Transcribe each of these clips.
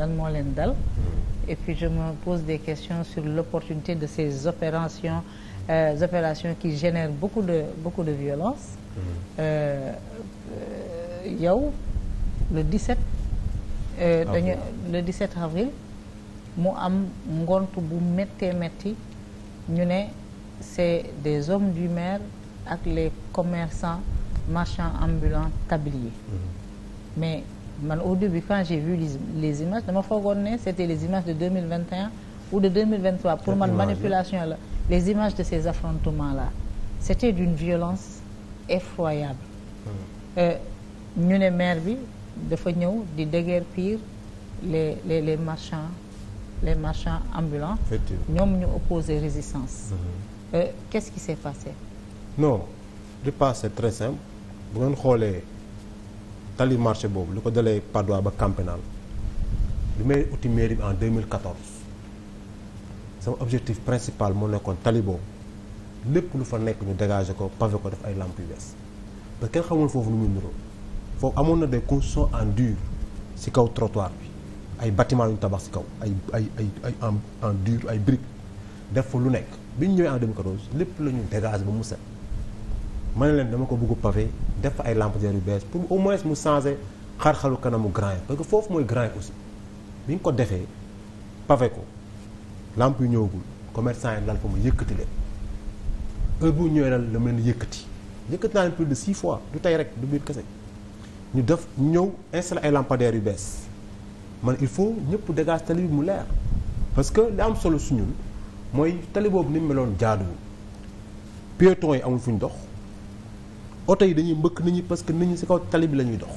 lan moo leen dal et puis je me pose des questions sur l'opportunité de ces opérations euh, opérations qui génèrent beaucoup de beaucoup de violence mm-hmm. euh, euh, yow le 17 euh, dañu le 17 avril mu am ngont bu méttee métti ñu ne c'est des hommes du maire ak les commerçants marchands ambulants tabliers mm-hmm. mais man au début quand j'ai vu les, les images dama foogoon ne c'était les images de 2021 ou de 2023 pour man manipulation la les images de ces affrontements là c'était d'une violence effroyable hmm. euh, ñu ne maire bi dafa ñëw di déguerpir les les les marchands les marchands ambulants ñoom ñu opposé résistance hmm. euh, qu'est-ce qui s'est passé non je pense c'est très simple bu tali marché boobu lu ko dalee Padois ba Camp Pénal bi may uti mairie bi en 2014 sama objectif principal moo nekkoon tali boobu lépp lu fa nekk ñu dégager ko pavé ko def ay làmp yu bees ba kenn xamul foofu lu muy niroo foo amoon na des constructions en dur ci kaw trottoir bi ay bâtiment yu ñu tabax ci kaw ay ay ay ay en en dur ay briques def fa lu nekk bi ñu ñëwee en 2014 lépp la ñu dégager mu set. ma ne leen dama ko bëgg pavé def fa ay lampadaires yu bees pour au moins mu changer xar-xaru kanamu Grand Yoff parce que foofu mooy Grand Yoff aussi bi ñu ko defee pavé ko lampe yu ñëwagul commerçant yi lal fa ma yëkkati leen heure bu ñëwee daal la mu leen yëkkati yëkkati naa leen plus de six fois du tey rek du biir kese ñu def ñëw installé ay lampadaires yu bees man il faut ñëpp dégage tali bi mu leer parce que li am solo su suñu mooy tali boobu ni mu meloon jaaduwul piétons yi amul fu dox. oto yi dañuy mbëkk nit ñi parce que nit ñi si kaw tali bi la ñuy dox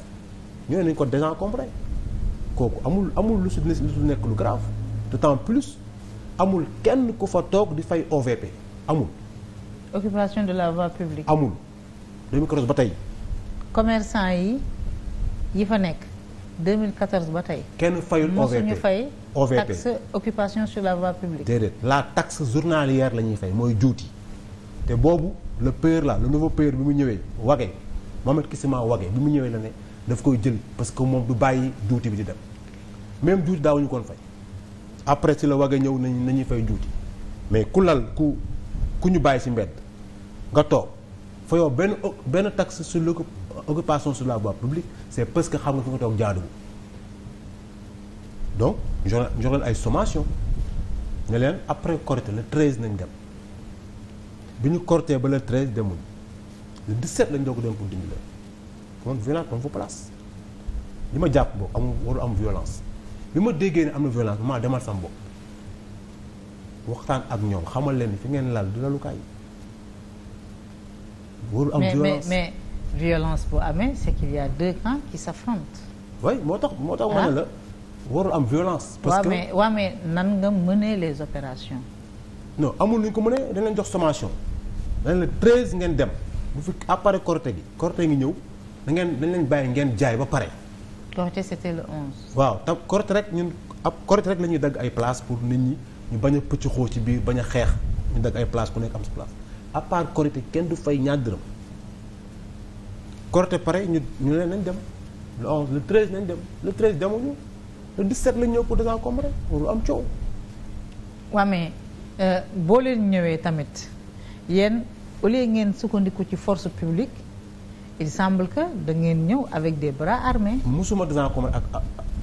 ñooñu nañ ko désencombré kooku amul amul lu si lu nekk lu grave d'autant plus amul kenn ku fa toog di fay OVP amul. occupation de la voie publique. amul 2014 ba tey. commerçant yi yi fa nekk 2014 ba tey. kenn fayul OVP mosuñu fay. OVP taxe occupation sur la voie publique. déedéet la taxe journalière la ñuy fay mooy juuti te boobu. le père là le nouveau père bi mu ñëwee Wagué Mohamed Kisima Wagué bi mu ñëwee la ne daf koy jël parce que moom du bàyyi juuti bi di dem même juuti daawuñu koon fay après si la Wagué ñëw nañ nañu fay juuti mais ku lal ku ku ñu bàyyi si mbedd nga toog fayoo benn benn la sur l'occupation su la voie publique c'est parce que xam nga fi nga toog jaaduwul donc joxe ay sommation ne leen après Korité le 13 nañ dem bi ñu corté ba le 13 demuñ set 17 lañ doog dem pour dindi la kon violence on fa place li ma jàpp boobu amul waru am violence bi ma déggee ne am na violence maa demal sama bopp waxtaan ak ñoom xamal leen fi ngeen laal du lalukaay waru am violence mais mais violence bu amee c'est qu'il y a deux camps qui s'affrontent. oui moo tax moo tax ma ne ah. la warul am violence. parce que waaw mais waaw mais nan nga mener les opérations. non amul nu ñu ko mënee dañ leen jox sommation dañ la treize ngeen dem bu fi après Korité gi Korité gi ñëw dangeen ngeen dañ leen bàyyi ngeen jaay ba pare. Korité c'était le onze. waaw te Korité rek ñun ab Korité rek la ñuy dagg ay place pour nit ñi ñu bañ a xoo ci biir bañ a xeex ñu dagg ay place ku nekk am sa place à part Korité kenn du fay ñaar dërëm Korité pare ñu ñu leen nañ dem le onze le treize nañ dem le treize demuñu le dix-sept lañ ñëw pour désencombrer pour am coow. waaw mais. Euh, boo leen ñëwee tamit yéen au lieu ngeen sukkandiku ci force publique il semble que da ngeen ñëw avec des bras armés. musuma dinaa ko ak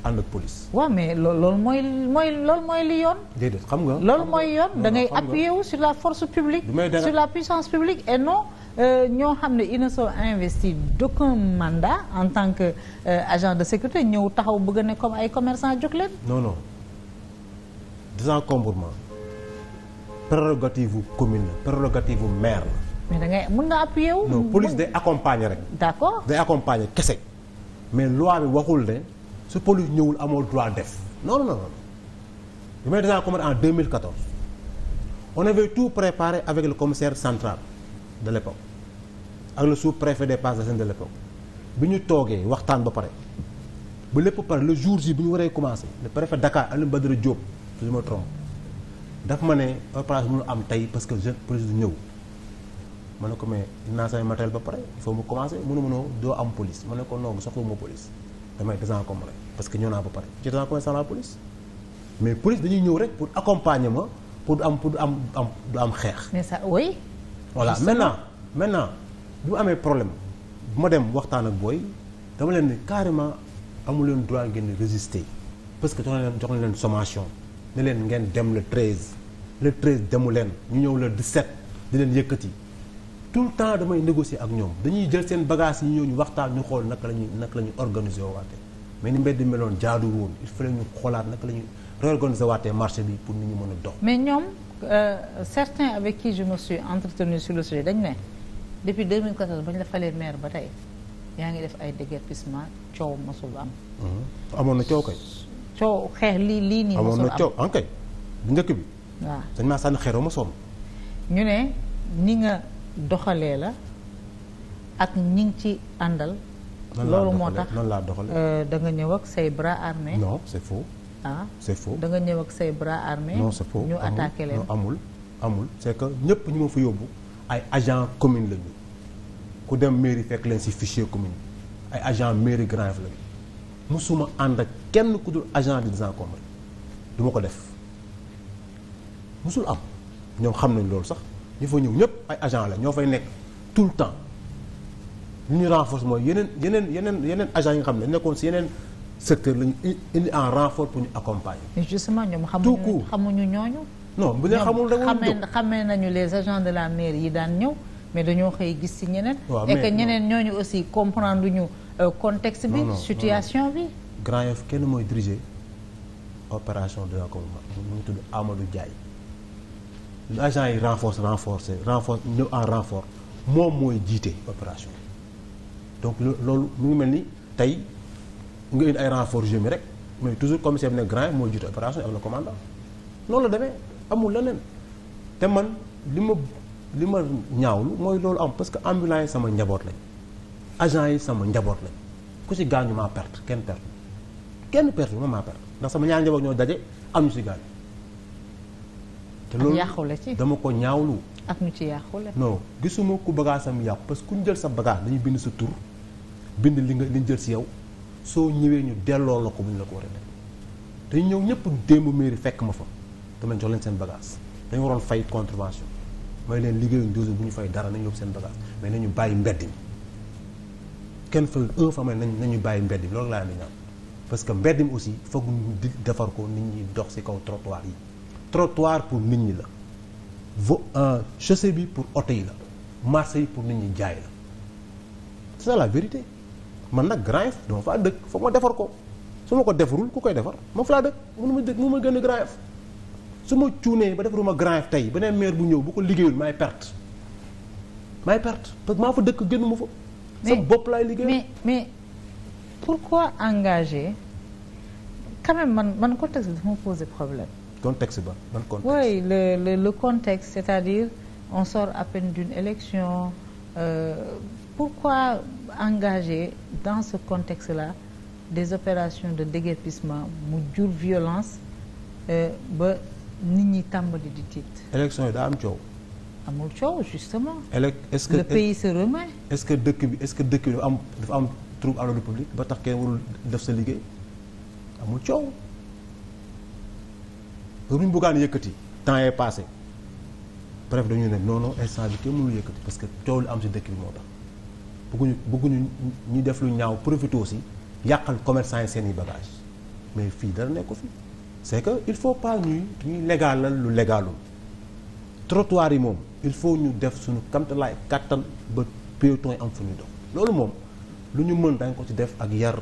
ànd ak police. waaw mais loolu mooy mooy loolu mooy li yoon. déedéet xam nga loolu mooy yoon da ngay appuyer wu sur la force publique. sur la puissance publique et non. Euh, ñoo xam ne ils ne sont investis d'aucun mandat en tant que euh, agent de sécurité ñëw taxaw bëgg ne comme ay commerçant jóg leen. non non désencombrement. prérogative bu commune la prérogative bu maire la. mais da ngay mën nga appuyer wu. non police day accompagner rek. d'accord day accompagner kese. mais loi bi waxul ne su police ñëwul amoo droit def. non non non bi may déjà commettre en 2014 on avait tout préparé avec le commissaire central de l'époque ak le sous-préfet des Parcelles Assainies de l'époque bi ñu toogee waxtaan ba pare ba lépp pare le jour J bi ñu waree commencer le préfet Dakar Alioune Badara Diop si je me trompe. daf ma ne opération mënul am tey parce que jeune police du ñëw ma ne ko mais naa samay matériel ba pare il faut mu commencer mënu mënoo doo am police ma ne ko non soxla ma police damay désencombré parce que ñëw naa ba pare ci désencombré sans la police mais ñëw rek pour accompagner ma pour am pour am am am xeex. mais ça oui. voilà maintenant maintenant bi amee problème ma dem waxtaan ak booy dama leen ne carrément amu leen droit ngeen résister parce que jox na leen jox ne leen ngeen dem le 13 le 13 demu leen ñu ñëw le set di leen yëkkati tout le temps damay négocier ak ñoom dañuy jël seen bagage yi ñëw ñu waxtaan ñu xool naka la ñuy naka la ñuy organiser waate mais ni mbedd meloon jaadu woon il fallait ñu xoolaat naka la ñuy réorganiser waatee marché bi pour nit ñu mën a dox. mais ñoom euh, certains avec qui je me suis entretenu sur le sujet dañ ne depuis 2014 ba ñu la falee maire ba tey yaa ngi def ay déguerpissement coow mosul am. Mhm. amoon na coow kay. co xeex lii lii nii. amoon na coow ah, njëkk bi. waaw dañ maa sànni xeeroo ma soom ñu ne ni nga doxalee la ak ñi ci àndal. loolu moo tax noonu laa doxalee euh, da nga ñëw ak say bras armés. non c'est faux. ah c'est faux da nga ñëw ak say bras armés. non c'est faux ñu attaqué leen amul amul c'est que ñëpp ñu ma fi yóbbu ay agent commune lañu ku dem mairie fekk leen ci fichier commune ay agent mairie Grand Yoff lañu mosuma ànd ak kenn ku dul agent bi désencombré du ma ko def musul am ñoom xam nañ loolu sax ñu fa ñëw ñëpp ay agent la ñoo fay nekk tout le temps li ñu renforce mooy yeneen yeneen yeneen yeneen agent yi xam ne nekkoon si yeneen secteur lañu indi en renfort pour ñu accompagner. mais justement ñoom xamuñu xamuñu ñooñu. non bu ñu xamul rek ñoom xamee nañu les agents de la mairie yi daan ñëw mais dañoo xëy gis si ñeneen. et que ñeneen ñooñu aussi comprendre ñu. Euh, contexte bi situation bi Grand Yoff kenn mooy diriger opération de raccordement mu ngi tudd Amadou Ndiaye l agent yi renforce renforce ñëw en renfort moom mooy jiite opération donc loolu mu ngi mel ni tey nga indi ay renfort jemi rek mais toujours comme bi ne Grand Yoff mooy jiite opération am na commandant noonu la demee amul leneen te man li ma li ma ñaawlu mooy loolu am parce que ambulance sama njaboot lañ agent yi sama njaboot lañ ku si gaañu maa perte kenn perte kenn perte moom maa perte ndax sama ñaari njaboot ñoo daje am ñu si gaañu. te loolu dama ko ñaawlu. ak ñu ci yàqule. non gisuma ku bagage am yàqu parce que ku ñu jël sa bagage dañuy bind sa tur bind li nga li ñu jël si yow soo ñëwee ñu delloo la ko bu ñu la ko war a def dañu ñëw ñëpp démb mairie fekk ma fa dama jox leen seen bagage dañu waroon fay contravention may leen liggéeyuñ douze bu ñu fay dara nañu yóbbu seen bagage mais nañu bàyyi mbedd mi. kenn fa ma fa nañ nañu bàyyi mbedd mi loolu laa leen di ñaan parce que mbedd mi aussi foog ñu di defar ko nit ñi dox ci kaw trottoir yi trottoir pour nit ñi la vo euh, chaussée bi pour oto yi la marché yi pour nit ñi jaay la c'est la vérité man nag Grand Yoff dama faa dëkk foog ma defar ko su ma ko defarul ku koy defar ma fa laa dëkk mënu ma dëkk mënu ma gën a Grand Yoff su ma cuunee ba defaruma Grand Yoff tey beneen maire bu ñëw bu ko liggéeyul maay perte maay perte parce que dëkk génn ma fa sama bopp laay liggéey mais mais pourquoi engager quand même man man contexte bi dafa poser problème. contexte ba ban contexte. oui le le le contexte c'est-à-dire on sort à peine d'une élection euh, pourquoi engager dans ce contexte-là des opérations de déguerpissement mu jur violence euh, ba nit ñi tàmbali di tiit. élection yi daa amul coow justement. est-ce que le pays se est-ce que dëkk bi est-ce que dëkk bi dafa am dafa am trouble à l'ordre public ba tax kenn warul def sa liggéey amul coow. pour buggaan bëggoon yëkkati temps est passé bref dañu ne noonu non instant bi kenn mënul yëkkati parce que coow lu am si dëkk bi moo tax bëgguñu bëgguñu ñu def lu ñaaw profité aussi yàqal commerçant yi seen i bagages mais fii dara nekk ko fi c'est que il faut pas ñuy ñuy légalal lu légalul trottoir yi moom. il faut ñu def suñu kamtalaay kàttan ba piéton yi am fu ñu dox loolu moom lu ñu mën dañ ko ci def ak yar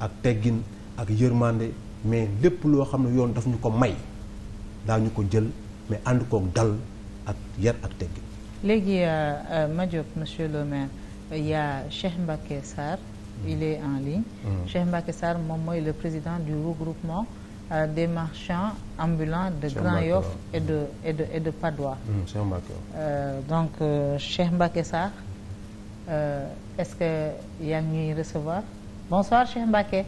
ak teggin ak yërmande mais lépp loo xam ne yoon daf ñu ko may daa ñu ko jël mais ànd koog dal ak yar ak teggin. léegi euh, euh, Madiop monsieur le maire y a Cheikh Mbacké Sarr mm. il est en ligne. Mm. Cheikh Mbacké Sarr moom mooy le président du groupement euh, des marchands ambulants de Grand Yoff et de et de et de Padoua. Hmm, Cheikh Mbacké euh, donc euh, Cheikh Mbacké Sarr euh, est-ce que yaa ngi ñuy recevoir bonsoir Cheikh Mbacké.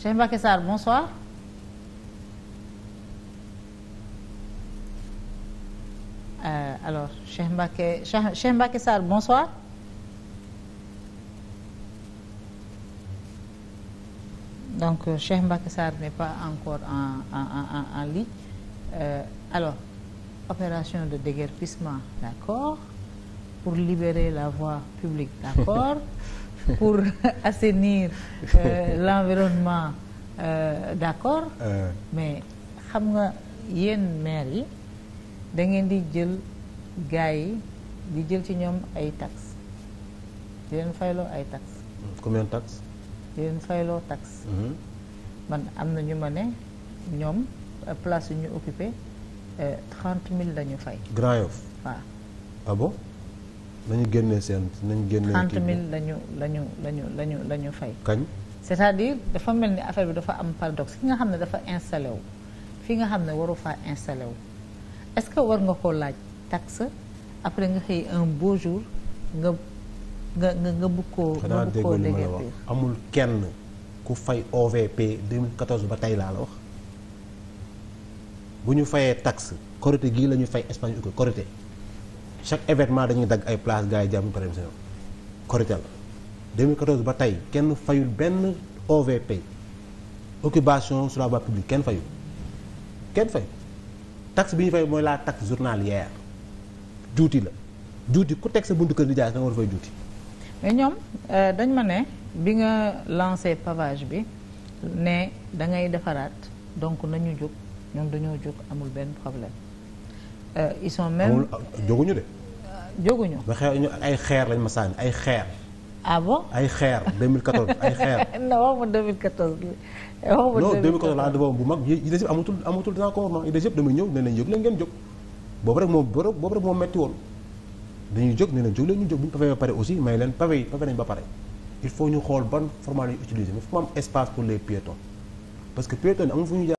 Cheikh Mbacké Sarr bonsoir. Euh, alors Cheikh Mbacké Cheikh donc euh, Cheikh Mbacké Sarr ne pas encore en en en en ligne euh, alors opération de déguerpissement d'accord pour libérer la voie publique d'accord pour assainir euh, l'environnement euh, d'accord euh. mais xam nga yéen maire yi da ngeen di jël gars yi di jël ci ñoom ay tax di leen fayloo ay taxes. combien de taxes. leen fayloo taxe mm-hmm. man am na ñu ma ne ñoom euh, place yu ñu occupé euh, trente mille la fay. Grand Yoff waaw. ah bon nañu génnee seen nañu génnee. trente mille la ñu lañu ñu la fay. kañ. c'est-à-dire dafa mel ni affaire bi dafa am paradoxe ki nga xam ne dafa installé wu fi nga xam ne waru faa installé wu est-ce que war nga koo laaj taxe après nga xëy un beau jour nga. nga nga nga bëgg koo nga bëgg koo déguerpir amul kenn ku fay OVP 2014 ba tey laa la wax bu ñu fayee taxe korité gii la ñu fay Espagne uko korité chaque événement dañuy dagg ay place gars yi jàmm parem seen korité la 2014 ba tey kenn fayul benn OVP occupation sur la voie publique kenn fayu kenn fayu taxe bi ñu fay mooy la taxe journalière juuti la juuti ku teg sa buntu kër di jaay da nga war a fay juuti mais ñoom euh, dañ ma ne bi nga lancé pavage bi ne dangay defaraat donc nañu jóg ñoom dañoo jóg amul benn problème euh, ils sont même ah, jóguñu de. Euh, jóguñu ay xeer lañ ma sànni ay xeer. ah ay xeer 2014 ay xeer. non waxuma 2014. waxuma non 2014 laa defoon bu mag yi des yëpp amatul amatul dina ko wax yëpp damay ñëw ne leen yëg leen ngeen jóg boobu rek moo boobu rek moo metti woon. dañuy jóg nee na jóg leen ñu jóg ba pare aussi may leen pavé ba pare il faut ñu xool ban format la ñuy utiliser mais fu am espace pour les piétons parce que piétons yi fu ñu jaar